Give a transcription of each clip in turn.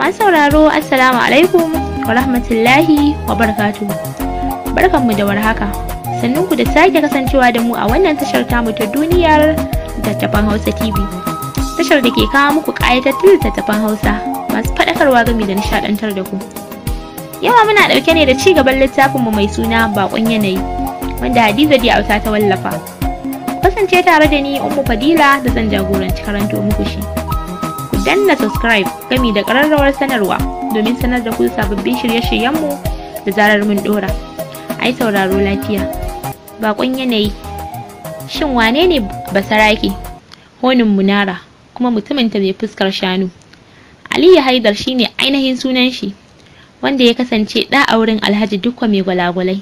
masu sauraro assalamu alaikum wa rahmatullahi wa barakatuhu barkanmu da warhaka sannan ku da sake kasancewa da mu a wannan tashar tamu ta duniyar littattafan hausa tv tashar da ke kawo muku ƙayatattun littattafan hausa masu faɗakarwa gami da nishaɗantar da ku yawa muna ɗauke ne da ci gaban littafin mu mai suna baƙon yanayi wanda hadiza diyauta ta wallafa kasance tare da ni umu fadila da zan jagoranci karanto muku shi. danna subscribe gami da ƙararrawar sanarwa domin sanar da ku sababbin shirye-shiryenmu da zarar mun ɗora. Ai sauraro lafiya. Bakon yanayi. Shin wane ne yake Honin munara kuma mutumin ta mai fuskar shanu. Aliyu Haidar shine ainihin sunan shi wanda ya kasance ɗa a wurin Alhaji Dukwa mai gwalagwalai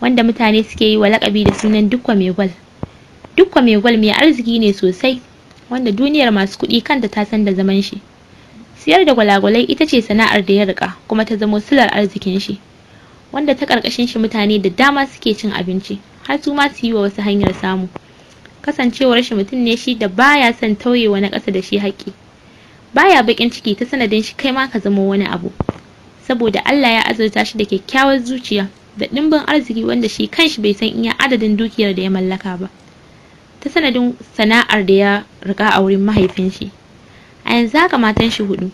wanda mutane suke yi wa lakabi da sunan Dukwa mai gwal. Dukwa mai gwal mai arziki ne sosai wanda duniyar masu kuɗi kanta ta san da zaman shi siyar da gwalagwalai ita ce sana'ar da ya rika kuma ta zamo silar arzikin shi wanda ta ƙarƙashin shi mutane da dama suke cin abinci har su ma su yi wa wasu hanyar samu kasancewar shi mutum ne shi da baya son tauyewa na ƙasa da shi haƙƙi baya baƙin ciki ta sanadin shi kai ma ka zama wani abu saboda Allah ya azurta shi da kyakkyawar zuciya da ɗimbin arziki wanda shi kanshi bai san iya adadin dukiyar da ya mallaka ba ta sanadin sana'ar da ya riga a wurin mahaifin shi a yanzu haka matan shi hudu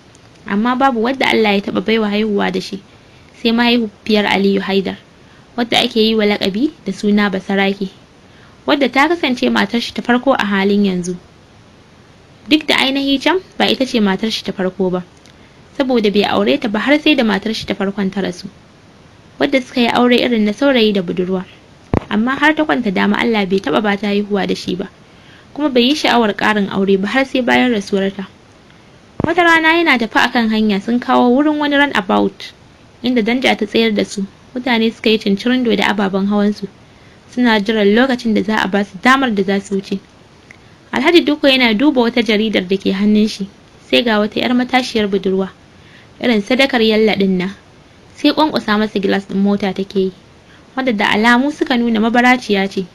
amma babu wadda Allah ya taba baiwa haihuwa da shi sai mahaifiyar Aliyu Haidar wadda ake yi wa lakabi da suna Basaraki wadda ta kasance matar shi ta farko a halin yanzu duk da ainihi can ba ita ce matar shi ta farko ba saboda bai aure ta ba har sai da matar shi ta farkon ta rasu wadda suka yi aure irin na saurayi da budurwa amma har ta kwanta dama Allah bai taba ba ta haihuwa da shi ba kuma bai yi sha'awar ƙarin aure ba har sai bayan rasuwarta wata rana yana tafi akan hanya sun kawo wurin wani run about inda danja ta tsayar da su mutane suka yi cincirin da ababen hawan su, suna jiran lokacin da za a ba su damar da za su wuce alhaji duko yana duba wata jaridar da ke hannun shi sai ga wata 'yar matashiyar budurwa irin sadakar yalla ɗin nan sai kwankwasa masa gilas ɗin mota take yi wadda da alamu suka nuna mabaraciya ce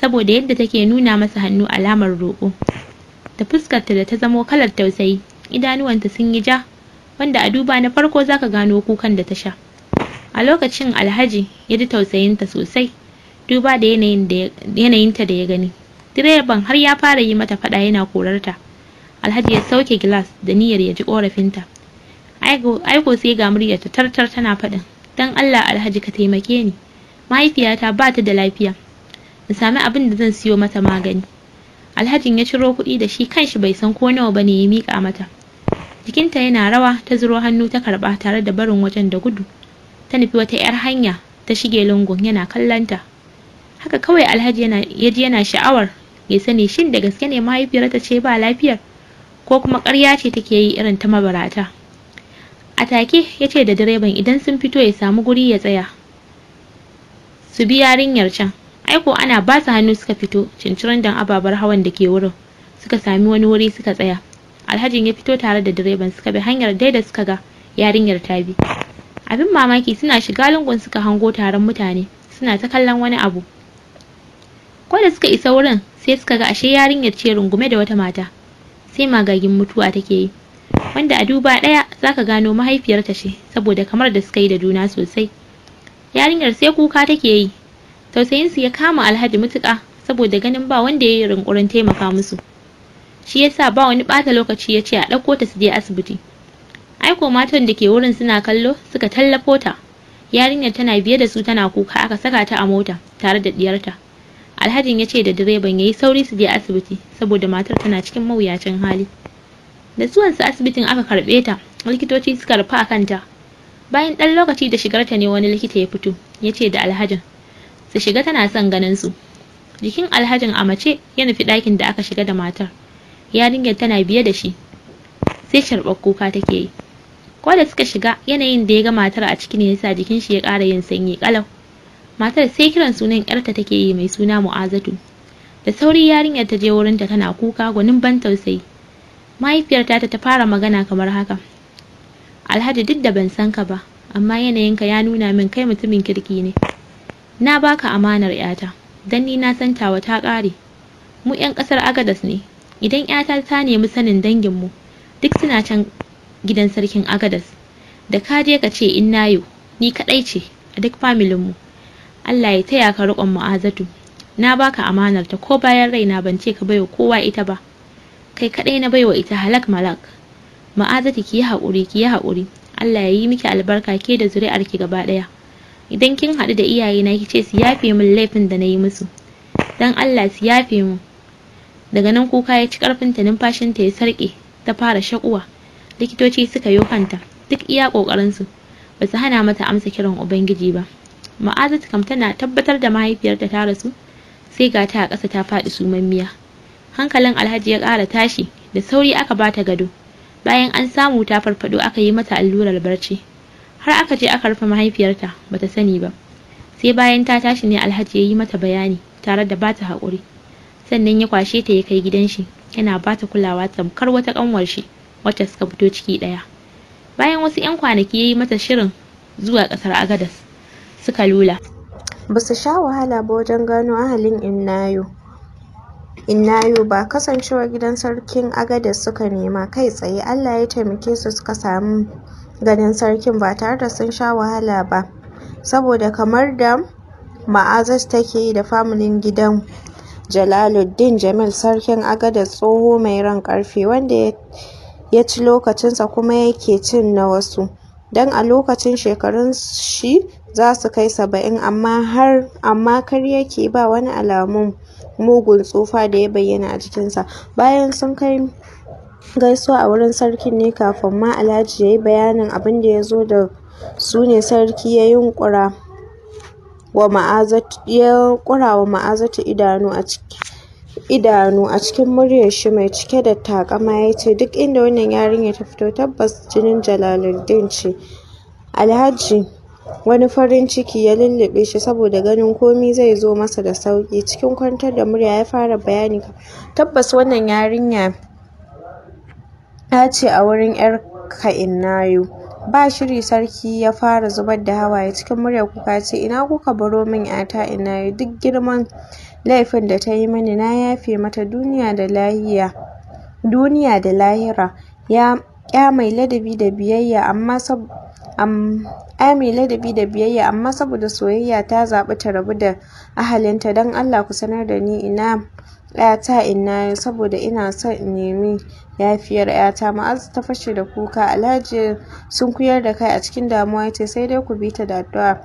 saboda yadda take nuna masa hannu alamar roƙo da fuskarta da ta zamo kalar tausayi idanuwanta sun yi ja wanda a duba na farko zaka gano kukan da ta sha a lokacin alhaji ya ji tausayinta sosai duba da yanayinta da ya gani direban har ya fara yi mata fada yana korarta alhaji ya sauke gilas da niyyar ya ji korafinta aiko sai ga muryarta tartar tana faɗin dan allah alhaji ka taimake ni mahaifiyata ba ta da lafiya in sami abin da zan siyo mata magani alhajin ya ciro kuɗi da shi kanshi bai san ko nawa bane ya miƙa mata jikinta yana rawa ta zuro hannu ta karɓa tare da barin wajen da gudu ta nufi wata 'yar hanya ta shige lungun yana kallanta haka kawai alhaji ya ji yana sha'awar ya sani shin da gaske ne mahaifiyarta ce ba lafiyar ko kuma ƙarya ce take yi irin ta mabarata a take ya ce da direban idan sun fito ya samu guri ya tsaya su bi yarinyar can aiko ana ba su hannu suka fito cincirin dan ababar hawan da ke wurin suka sami wani wuri suka tsaya alhajin ya fito tare da direban suka bi hanyar dai da suka ga yarinyar ta bi abin mamaki suna shiga lungun suka hango taron mutane suna ta kallon wani abu ko da suka isa wurin sai suka ga ashe yarinyar ce rungume da wata mata sai magagin mutuwa take yi wanda a duba ɗaya zaka gano mahaifiyarta ce saboda kamar da suka yi da juna sosai yarinyar sai kuka take yi tausayinsu ya kama alhaji mutuƙa saboda ganin ba wanda ya yi rinƙurin taimaka musu shi yasa ba wani ɓata lokaci ya ce a ɗauko ta su je asibiti aiko matan da ke wurin suna kallo suka tallafo ta yarinyar tana biye da su tana kuka aka saka ta a mota tare da diyarta alhajin ya ce da direban ya yi sauri su je asibiti saboda matar tana cikin mawuyacin hali da zuwansu asibitin aka karɓe ta likitoci suka rufa a kanta bayan ɗan lokaci da shigarta ne wani likita ya fito ya ce da alhajin su shiga tana son ganin su jikin alhajin a mace ya nufi ɗakin da aka shiga da matar yarinyar tana biye da shi sai sharɓar kuka take yi ko da suka shiga yanayin da ya ga matar a ciki ne yasa jikin shi ya ƙara yin sanyi ƙalau matar sai kiran sunan yarta take yi mai suna mu'azatu da sauri yarinyar ta je wurinta tana kuka gwanin ban tausayi mahaifiyarta ta fara magana kamar haka alhaji duk da ban san ka ba amma yanayin ka ya nuna min kai mutumin kirki ne na baka amanar yata dan ni na san tawa ta kare mu 'yan ƙasar agadas ne idan yata ta nemi sanin dangin mu duk suna can gidan sarkin agadas da ka je ka ce in nayo ni kaɗai ce a duk familin mu allah ya taya ka riƙon mu'azatu na baka amanar ta ko bayan raina ban ce ka baiwa kowa ita ba kai kadai na baiwa ita halak malak ma'azati ki yi haƙuri ki yi haƙuri Allah ya yi miki albarka ke da zuri'ar ki gaba ɗaya idan kin haɗu da iyaye na kice su yafe min laifin da na yi musu dan Allah su yafe mu daga nan kuka ya ci karfin ta numfashin ta ya sarƙe ta fara shaƙuwa likitoci suka yi kanta duk iya ƙoƙarinsu. su ba su hana mata amsa kiran ubangiji ba ma'azati kam tana tabbatar da mahaifiyarta ta rasu sai ga ta a ƙasa ta faɗi sumammiya hankalin alhaji ya ƙara tashi da sauri aka bata gado bayan an samu ta farfado aka yi mata allurar barci har aka je aka rufe mahaifiyarta bata sani ba sai bayan ta tashi ne alhaji ya yi mata bayani tare da bata haƙuri sannan ya kwashe ta ya kai gidan shi yana bata kulawa tamkar wata ƙanwar shi wacce suka fito ciki ɗaya bayan wasu 'yan kwanaki ya yi mata shirin zuwa ƙasar agadas suka lula ba su sha wahala ba wajen gano ahalin innayo yau ba kasancewa gidan sarkin agada suka nema kai tsaye, Allah ya taimake su suka samu ganin sarkin ba tare da sun sha wahala ba saboda kamar da ma'azas take yi da familin gidan Jalaluddin Jamil sarkin agada tsoho mai ran karfe wanda ya ci lokacinsa kuma yake cin na wasu, don a lokacin shekarun shi za su kai saba'in amma kar yake ba wani alamun mugun tsufa da ya bayyana a jikinsa bayan sun kai gaisuwa a wurin sarkin ne kafin ma alhaji ya yi bayanin abin da ya zo da su ne sarki ya yunkura wa ma'azatu idanu a ciki idanu a cikin muryar shi mai cike da takama ya ce duk inda wannan yarinya ta fito tabbas jinin jalaluddin ce alhaji Wani farin ciki ya lullube shi saboda ganin komi zai zo masa da sauki Cikin kwantar da murya ya fara bayani “Tabbas wannan yarinya ‘ya ce a wurin ‘yarka nayo Ba shiri sarki ya fara zubar da hawaye cikin murya, kuka ce, “Ina kuka baro min ‘yata Innayo? Duk girman laifin da ta yi mini, na yafe mata duniya da lahira. ‘Ya mai ladabi da biyayya amma saboda ami ladabi da biyayya amma saboda soyayya ta zaɓi ta rabu da ahalinta don Allah ku sanar da ni ina ‘yata ina saboda ina son in nemi yafiyar ‘yata. ma'az ta fashe da kuka. Alhaji sun kuyar da kai a cikin damuwa ya ce sai dai ku bi ta da addu'a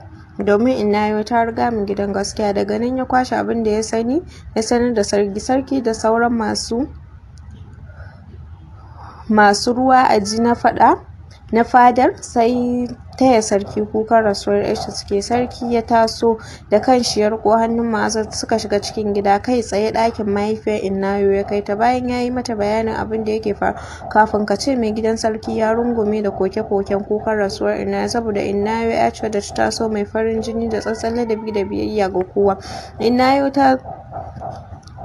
domin Inayo ta riga mu gidan gaskiya. Daga nan ya kwashe abin da ya sani ya sanar da sarki. Sarki da sauran masu masu ruwa a ji na faɗa na fadar sai taya sarki kukan rasuwar yarsa suke sarki ya taso da kan ya riko hannun ma'azar suka shiga cikin gida kai tsaye dakin mahaifiyar innayo ya kai ta bayan ya yi mata bayanin abin da yake faru kafin ka ce mai gidan sarki ya rungume da koke-koken kukan rasuwar innayo saboda innayo ya ce da ta taso mai farin jini da tsantsan ladabi da biyayya ga kowa innayo ta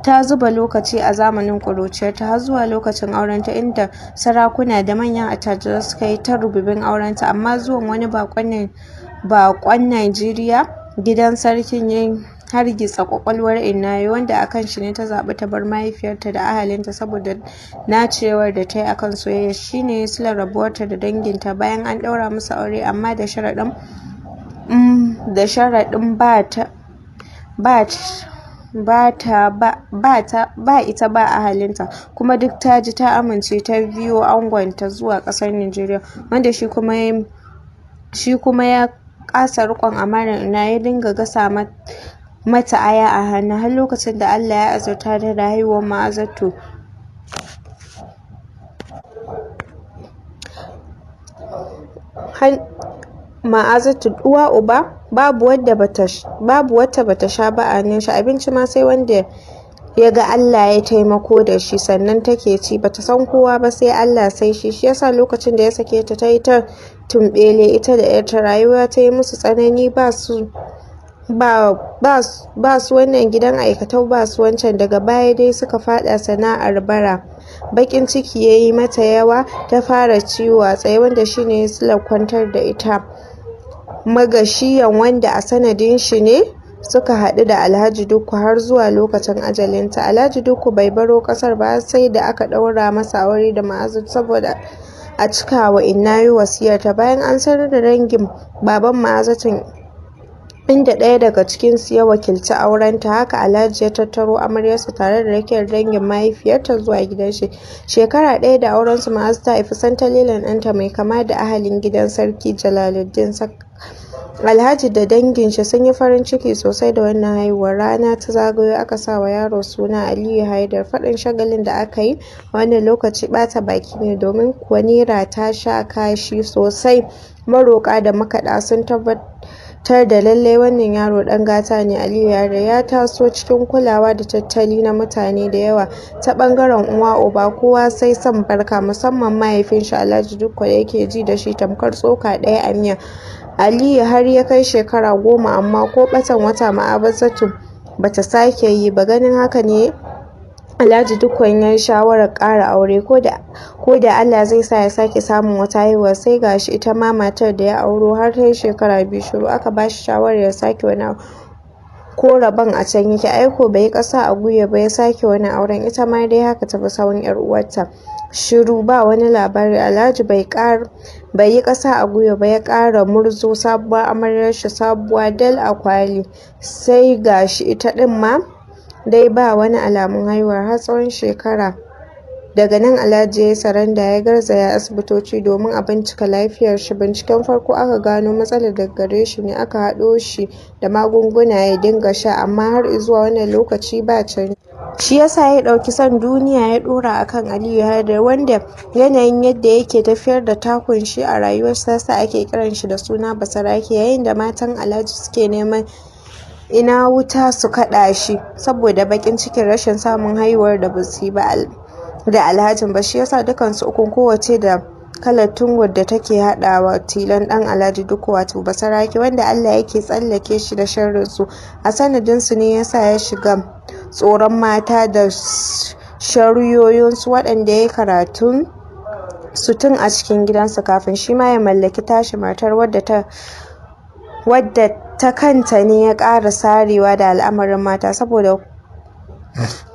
ta zuba lokaci a zamanin ƙuruciyarta har zuwa lokacin aurenta inda sarakuna da manyan attajirai suka yi ta rububin aurenta amma zuwan wani bakon Najeriya gidan sarkin yin hargitsa kwakwalwar Innaye wanda a kan shi ne ta zaɓi ta bar mahaifiyarta da ahalinta saboda nacewar da ta yi akan soyayya shine ne silar rabuwarta da danginta bayan an ɗaura musu aure amma da sharaɗin mm, ba ta ba ita ba a halinta kuma duk ta ji ta amince ta biyo angonta zuwa ƙasar Nijeriya, wanda shi kuma ya ƙasa rikon amara Ina ya dinga gasa mata aya a hannu har lokacin da Allah ya azurta da da haihuwar Ma'azzatu. ma'azatu uwa uba babu wata bata sha ba a nan shi abinci ma sai wanda ya ga Allah ya taimako da shi sannan take ci bata san kowa ba sai Allah sai shi shi yasa lokacin da ya sake ta ta yi ta tumbele ita da yarta rayuwa ta yi musu tsanani ba su ba su wannan gidan aikatau ba su wancan daga baya dai suka fada sana'ar bara bakin ciki ya yi mata yawa ta fara ciwo a tsaye wanda shine ya kwantar da ita magashiyan wanda a sanadin shi ne suka haɗu da Alhaji duku har zuwa lokacin ajalinta. Alhaji duku bai baro ƙasar ba sai da aka ɗaura masa aure da ma'azu saboda a cikawa inna yi wasiyarta bayan an sanar da dangin baban ma'azatin inda ɗaya daga cikinsu ya wakilci aurenta. Haka Alhaji ya tattaro amaryarsa tare da rakiyar dangin mahaifiyarta zuwa gidan shi. Shekara ɗaya da aurensu Ma'azu ta haifi santalilan ɗanta mai kama da ahalin gidan sarki Jalaluddin Alhaji da dangin shi sun yi farin ciki sosai da wannan haihuwar rana ta zagayo aka sa wa yaro suna Aliyu Haidar faɗin shagalin da aka yi a wannan lokaci ɓata baki ne domin kuwa Nera ta sha kashi sosai maroƙa da makaɗa sun tabbatar tabbatar da lallai wannan yaro ɗan gata ne, Aliyu ya Yaraday ya taso cikin kulawa da tattali na mutane da yawa ta bangaren uwa-uba, kowa sai son barka, musamman mahaifin shi Alhaji Dukko da yake ji da shi tamkar tsoka ɗaya a miya. Aliyu har ya kai shekara goma amma ko batan wata Ma'abatsatu ba ta sake yi ba, ganin haka ne Alhaji dukkan ya shawarar kara aure, ko da Allah zai sa ya sake samun wata haihuwa. sai ga shi ita ma matar da ya auro har ta shekara biyu shiru, aka ba shi shawarar ya sake wani ko rabon a can yake, aiko bai yi ƙasa a gwiwa ba ya sake wani auren, ita ma dai haka ta fi sawun 'yar uwarta, shiru ba wani labari. Alhaji bai yi kasa a guya ba ya ƙara murzo sabuwar shi sabuwa dal a kwali, sai ga shi ita ɗin ma dai ba wani alamun haihuwar har tsawon shekara daga nan Alhaji ya yi saranda ya garzaya asibitoci domin a bincika lafiyar shi binciken farko aka gano matsalar da gare shi ne aka haɗo shi da magunguna ya dinga sha amma har zuwa wannan lokaci ba can shi yasa ya ɗauki son duniya ya ɗora akan Aliyu da wanda yanayin yadda yake tafiyar da takun shi a rayuwarsa yasa ake kiran shi da suna basarake yayin da matan Alhaji suke neman ina wuta su kaɗa shi saboda baƙin cikin rashin samun haihuwar da ba su ba da alhajin ba shi yasa dukansu ukun kowace da kalar tungur da take haɗawa tilon ɗan alhaji duk wato basaraki wanda allah yake tsallake shi da su a sanadinsu ne yasa ya shiga tsoron mata da su waɗanda ya yi karatun tun a cikin gidansu kafin shi ma ya mallaki tashi matar wadda ta wadda ta kanta ne ya ƙara sarewa da al'amarin mata saboda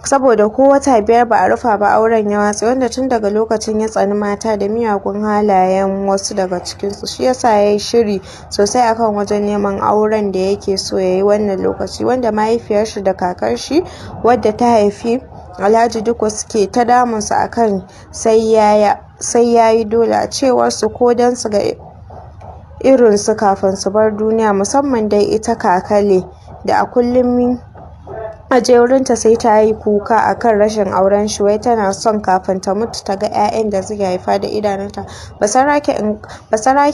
saboda ko wata biyar ba a rufa ba auren ya watse wanda tun daga lokacin ya tsani mata da miyagun halayen wasu daga cikinsu shi yasa ya yi shiri sosai akan wajen neman auren da yake so ya yi wannan lokaci wanda mahaifiyarshi da kakar shi wadda ta haifi alhaji duka suke ta damunsa akan sai yayi yi dole a cewar ko don su ga irinsu kafin su bar duniya musamman dai ita Kakale da a kullum aje sai ta yi kuka a kan rashin auren shi wai tana son kafin ta mutu ta ga 'ya'yan da zai haifa da idanunta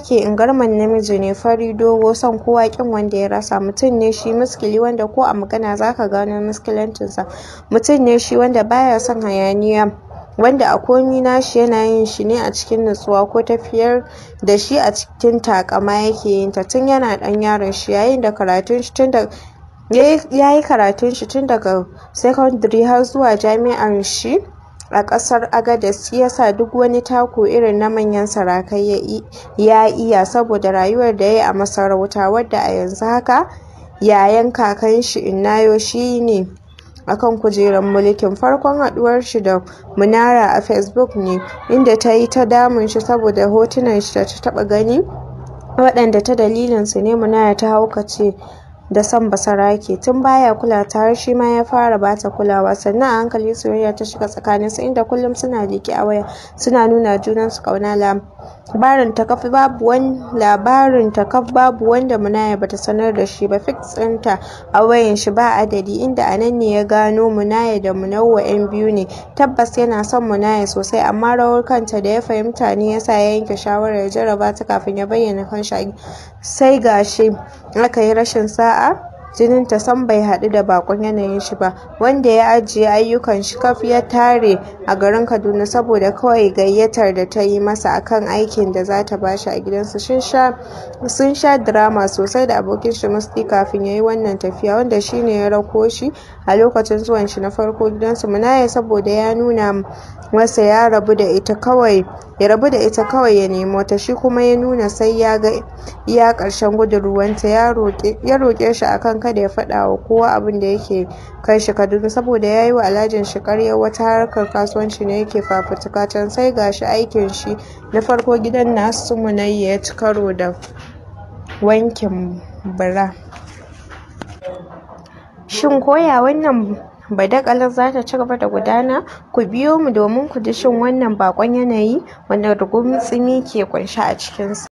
in garman namiji ne fari dogo son kowa kin wanda ya rasa mutum ne shi muskili wanda ko a magana zaka gano muskilancinsa mutum ne shi wanda baya son hayaniya wanda a komi nashi yana yin shi ne a cikin nutsuwa ko tafiyar da shi a cikin takama yake yin ta tun yana ɗan yaron shi yayin da karatun shi tun da ya yi karatun shi tun daga secondary har zuwa jami'ar shi a ƙasar Agadez ya sa duk wani taku irin na manyan sarakai ya iya saboda rayuwar da ya yi a masarauta wadda a yanzu haka yayan kakan shi Innayo shi ne akan kujerar mulkin farkon haduwar shi da Munara a Facebook ne inda ta yi ta damun shi saboda hotunan shi da ta taba gani waɗanda ta dalilin su ne Munara ta hauka ce. da son basarake, tun baya kula ta har shi ma ya fara bata kulawa, sannan a hankali soyayya ta shiga su inda kullum suna leƙe a waya suna nuna junan su labarin kafi babu wani labarin takaf babu wanda Munaya bata sanar da shi ba fix ɗinta a wayan shi ba adadi inda a nan ne ya gano Munaya da Munawwa 'yan biyu ne tabbas yana son Munaya sosai amma rawar kanta da ya fahimta ne yasa ya yanke shawarar jarraba ta kafin ya bayyana kan kanshi sai gashi aka yi rashin sa'a jinin ta sam bai haɗu da bakon yanayin shi ba wanda ya ajiye ayyukan shi kaf ya tare a garin kaduna saboda kawai gayyatar da ta yi masa akan aikin da za ta shi a gidansu sun sha drama sosai da abokin shi musti kafin ya yi wannan tafiya wanda shi ne ya rako shi a lokacin zuwan shi na farko gidansu munaye saboda ya nuna masa ya rabu da ita kawai ya nemo ta shi kuma ya nuna sai ya ga iya karshen gudun ruwanta ya roƙe shi akan kada ya faɗa wa kowa abin da yake kai shi kaduna saboda ya yi wa alhajin shi ƙarya wata harkar kasuwanci ne yake fafutuka can sai ga shi aikin shi na farko gidan nasu munai ya ci karo da wankin bura shin koya wannan Badakalar za ta ci gaba da gudana, ku biyo mu domin ku ji shin wannan bakon yanayi, wane rugumtsumi tsimi ke ƙunshe a cikinsa.